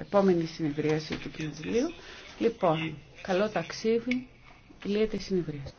επόμενη συνεδρίαση του Κοινοβουλίου. Λοιπόν, καλό ταξίδι, λύεται η συνεδρίαση.